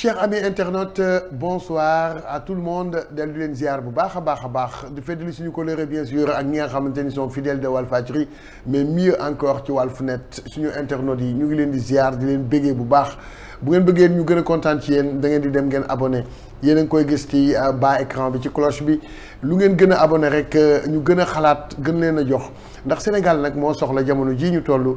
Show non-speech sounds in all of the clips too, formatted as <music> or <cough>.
chers amis internautes euh, bonsoir à tout le monde dellu leen ziar bu baax a baax a baax di feddali suñu colère bien sûr ak ñi nga xamante ni sont fidèles de Walfadjri mais mieux encore ci Walfnet suñu internautes yi ñu ngi leen di ziar di leen bëggee bu baax bu ngeen bëggee ñu gën a kontaan ci yéen da ngeen di dem ngeen abonné yéen a ngi koy gis ci euh, bas écran bi ci cloche bi lu ngeen gën a abonné rek euh, ñu gën a xalaat gën leen a jox ndax Sénégal nag moo soxla jamono jii ñu toll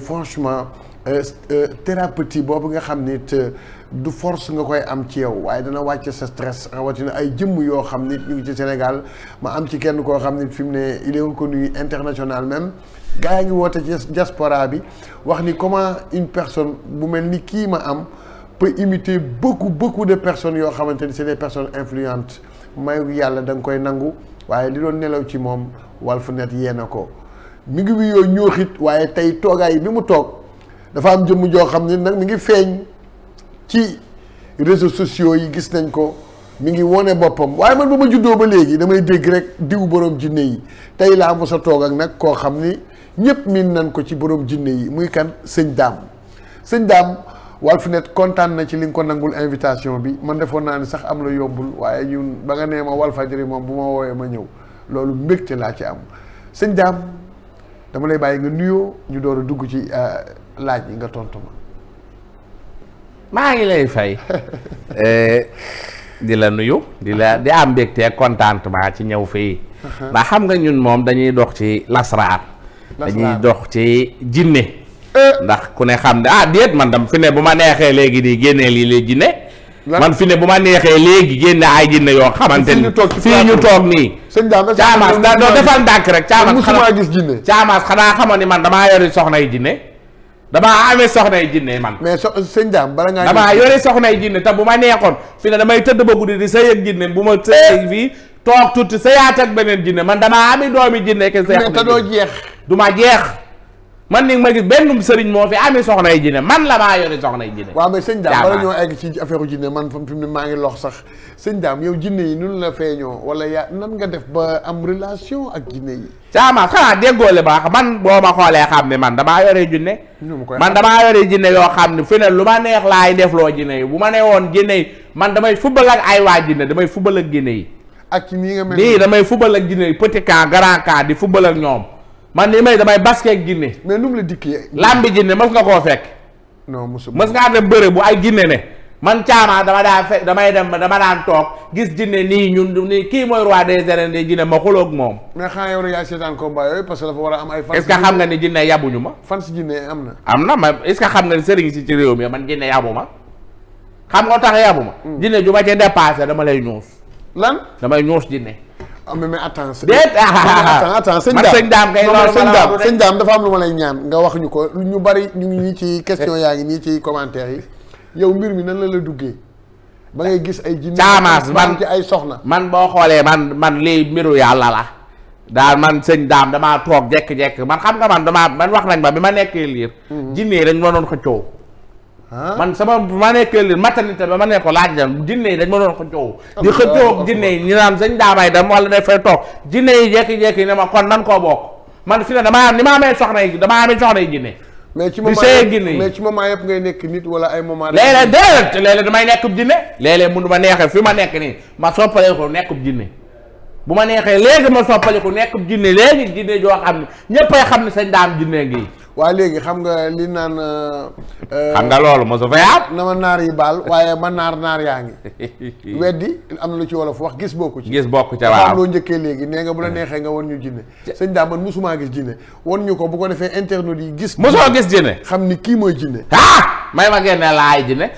franchement Euh, euh, thérapeutie boobu nga xam ni euh, du force nga koy am ci yow waaye dana wàcc sa stress rawatina ay jëmm yoo xam ni ñu ngi ci Sénégal ma am ci kenn koo xam ni fi mu ne il ko reconnu international même gaa yi ngi woote ci diaspora bi wax ni comment une personne bu mel ni kii ma am peut imiter beaucoup beaucoup de personnes yoo xamante ni c'est des personnes influentes mayu yàlla da nga koy nangu waaye li doon nelaw ci moom fu Net yee na ko mu ngi wuyoo ñooxit waaye tey toogaay bi mu toog. dafa am jëmm joo xam ne nag mu ngi feeñ ci réseaux sociaux yi gis nañ ko mu ngi wone boppam waaye man ba ma juddoo ba léegi damay dégg rek diw boroom jinne yi tey laa mos a toog ak nag koo xam ni ñëpp miin nañ ko ci boroom jinne yi muy kan sëñ daam sëñ daam Walf Net kontaan na ci li nga ko nangul invitation bi man defoon naa ni sax am la yombul waaye ñu ba nga nee ma Walfadjri moom bu ma woowee ma ñëw loolu mbégte laa ci am sëñ daam dama lay bàyyi nga nuyoo ñu door a dugg ci. Euh, laaj yi nga tontu ma. maa ngi lay fay. <laughs> Eh, di la nuyu di la di am mbégte contentement ci ñëw fii. Uh-huh. ndax xam nga ñun moom dañuy dox ci lasraar. dañuy dox ci jinne eh. ndax ku ne xam ne ah déet man dam fi ne bu ma neexee léegi di génnee lii lay jinne man bu ma neexee léegi génne ay jinne yoo xamante ni fii ñu toog nii caamaas da doo defal ndànk rek caamaas xanaa xamoon ni man damaa yori soxna yi jinne damaa amee soxnay jinne man. mais so sëñ daam bala ngaa. damaa yore yi jinne te bu ma neexoon fi ne damay tëdd ba guddi di sëy ak jinne bu ma sëy eh! fii toog tuuti sëyaat ak beneen jinne man damaa ami doomi jinne ke seex. mais te doo du ma jeex. man ni ma gis benn sëriñ moo fi amee soxnay jinne man la maa yori soxnay jinne waaw mais sëñ daam bala ñoo egg ci affaire jinne man fi mu maa ngi lox sax sëñ daam yow jinne yi nunu la feeñoo wala yaa nan nga def ba am relation ak jinne yi caama xanaa déggoole baax man boo ma xoolee xam ne man damaa yoree jinne man damaa yoree jinne yoo xam ne fi ne lu ma neex laay def loo jinne yi bu ma nee woon jinne yi man damay fubal ak ay waa jinne damay fubal ak jinne yi ak ci nii nga mel nii damay fubal ak jinne yi petit camp grand camp di fubal ak ñoom man ni may damay basket Guinée. mais nu mu la dikkee. lambi Guinée mës nga koo fekk. non mosu mës ngaa dem bërëb bu ay Guinée ne. man caamaa dama daan fe damay dem dama daan toog gis jinne nii ñun nii kii mooy roi des arènes de jinne ma xulóog moom. mais xanaa yow que dafa war a am ay. fans est ce que xam nga ni jinne yabuñu ma. fans am na. am na ma est ce xam nga ni sëriñ si ci réew mi man jinne yabu ma xam nga tax yabu ma. jinne hmm. ju ma ca dépassé dama lay ñuus. lan damay ñuus jinne ah mais mais attends. déet ah <laughs> attends sëñ Dame sëñ Dame sëñ Dame sëñ Dame dafa am lu ma lay ñaan nga wax ñu ko ñu bari ñu ngi nii ci question yaa ngi nii ci commentaire yi yow mbir mi na la la duggee. ba ngay gis ay. jinne caamaas man ci ay soxna. man boo xoolee man man lii mbiru yàlla la. daal man sëñ Dame damaa toog jekk-jekk man xam nga man damaa man wax nañ ma bi ma nekkee liir. Mm-hmm. jinne dañ ma doon xëccoo. man sama ma nekkee leen maternité ba ma ne laaj la jinne yi dañ ma doon ko coow di xëccoo ak jinne yi ñu naan sañ daabay dem wala day fay toog jinne yi jekki-jekki ne ma kon nan koo bokk man fi ne damaa am ni ma amee soxna yi damaa amee soxna yi jinne mais ci moment mais ci moment yëpp nekk nit wala ay moment léeg-léeg déedéet léeg-léeg jinne léeg-léeg mënu ma neexee fi ma nekk nii ma soppale ko nekkub jinne bu ma neexee léegi ma soppale ko nekk jinne léegi jinne joo xam ne ñëppay xam ne sañ daam jinne ngi waa léegi xam nga li naan. Euh, euh, xam nga loolu ma fa yaat. na ma naar yi baal waaye ma naar naar yaa ngi. <laughs> weddi am na lu ci wolof wax gis bokku ci. gis bokku ca waaw loo njëkkee léegi nee nga bu la <laughs> neexee nga won ñu jinne sëñ daa man mosumaa gis jinne won ñu ko bu ko defee internet yi gis. mosoo gis jinne xam ni kii mooy jinne ah may ma génne laay jinne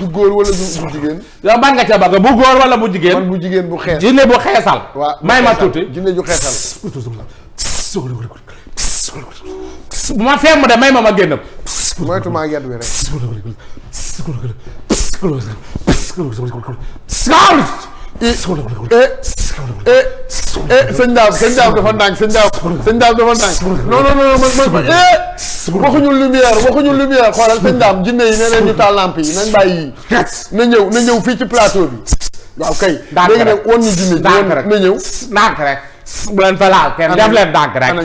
bu góor wala bu jigéen. yow ban nga ca bëgg bu góor wala bu jigéen. man bu jigéen bu xees. jinne bu xeesal. waaw may ma tuuti. jinne ju xeesal. bu ma feem de may ma ma génn. moytu maa yedd wi rek. i Eh, eh, sëñ daam sëñ daam dafa ndànk sëñ daam sëñ daam dafa ndànk non non non man man eh, waxuñu lumière waxuñu lumière xoolal sëñ daam jinne yi ne leen ñu taal lamp yi nañ yi na ñëw na ñëw fii ci plateau bi waaw kay léegi nag woon na ñëw ndànk rek bu leen fa laal kenn def leen dànk rek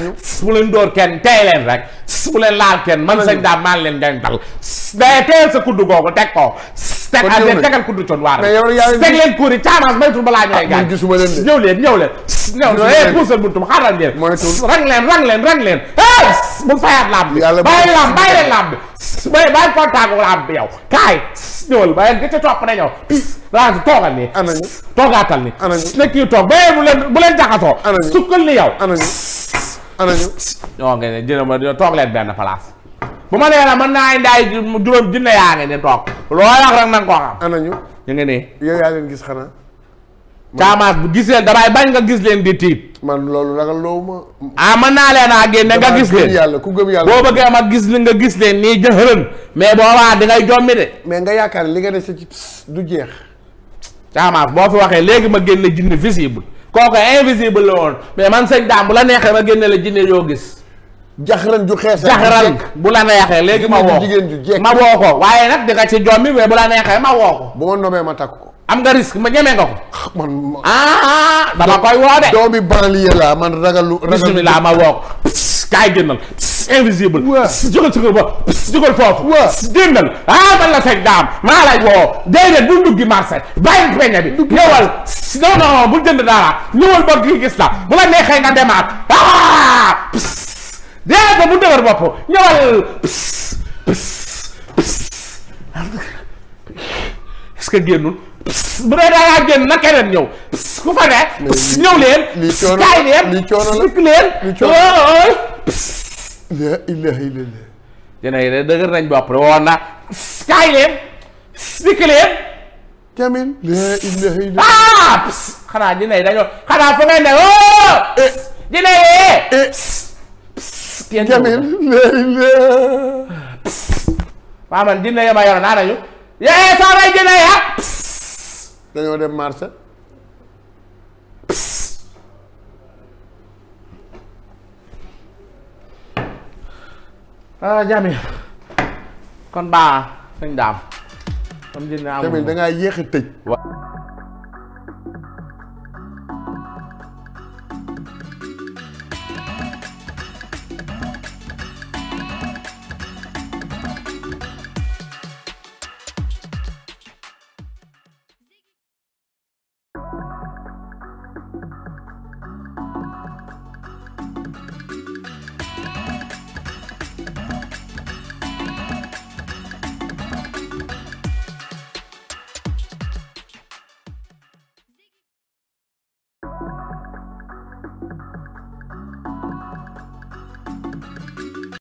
bu leen dóor kenn tey leen rek bu leen laal kenn man sëñ daam maa leen ngeen dal day teel sa kudd googu teg ko teg à leen tegal kudd coon waar teg leen kuuri caamaas baytul balaa ñooy ah, gaañ gisuma leen ñëw leen ñëw leen ñëw leen puusal buntum xaaral leen fayaat laam bi bay bàyyi kontaan laam bi yow kaay ñëwal bàyyi nga ca na ñëw raange toogal nii toogaatal ni ne kii toog bayee bu leen bu leen jaxasoo sukkal ni yow anañu ñoo nga ne toog leen benn place bu ma nee la mën naa indaay juróom junne yaa ngi ne toog loo wax rek na nga koo ñu ñu ngi ne. gis xanaa. caamaas bu gis leen damay bañ nga gis leen di tiit. man loolu ragal loo ma. ah mën naa leen a génne nga gis leen yàlla ku gëm yàlla boo bëggee ma gis li nga gis leen nii jëxërën mais boobaa di ngay jommi de. mais nga yaakaar li nga ne sa ci du jeex. caamaas boo fi waxee léegi ma génne jinne visible kooku invisible la woon mais man sëñ daam bu la neexee ma génne la jinne yoo gis. jaxaran bu la neexee léegi ma woo jigéen ju jekk ma woo ko waaye nag di nga ci jommi bu la neexee ma woo ko bu ma nomee ma takk ko am nga risque ma ñeme nga ko <laughs> man ah dama koy woo de doomi barali ma woo ko kaay génnal invisible jógal ci kër ba jógal foofu génnal ah man la fekk daam maa lay woo déedéet bul duggi marché bàyyi peñe bi ñëwal non non bul jënd dara ñëwal ba gis la bu la neexee nga demaat ah ko bu dëgër bopp ñëwal pss pss pss est-ce que génnul pss bu dee da ngaa génn na keneen ñëw pss ku fa ne pss ñëw leen pss kaay leen li coono la leen ooy pss la ilaha illallah dinañ de dëgër nañ bopp de woon na pss kaay leen sikk leen jamin la ilaha illallah ah pss xanaa dinañ dañoo xanaa fa ngay ne oo oh, dinañ eh, kenn <laughs> waaw man jinne ya ma yoroon yee saa jinne ya dañoo dem marché ah jami kon baa sañ kon jinne amul tamit dangaa yéex a tëj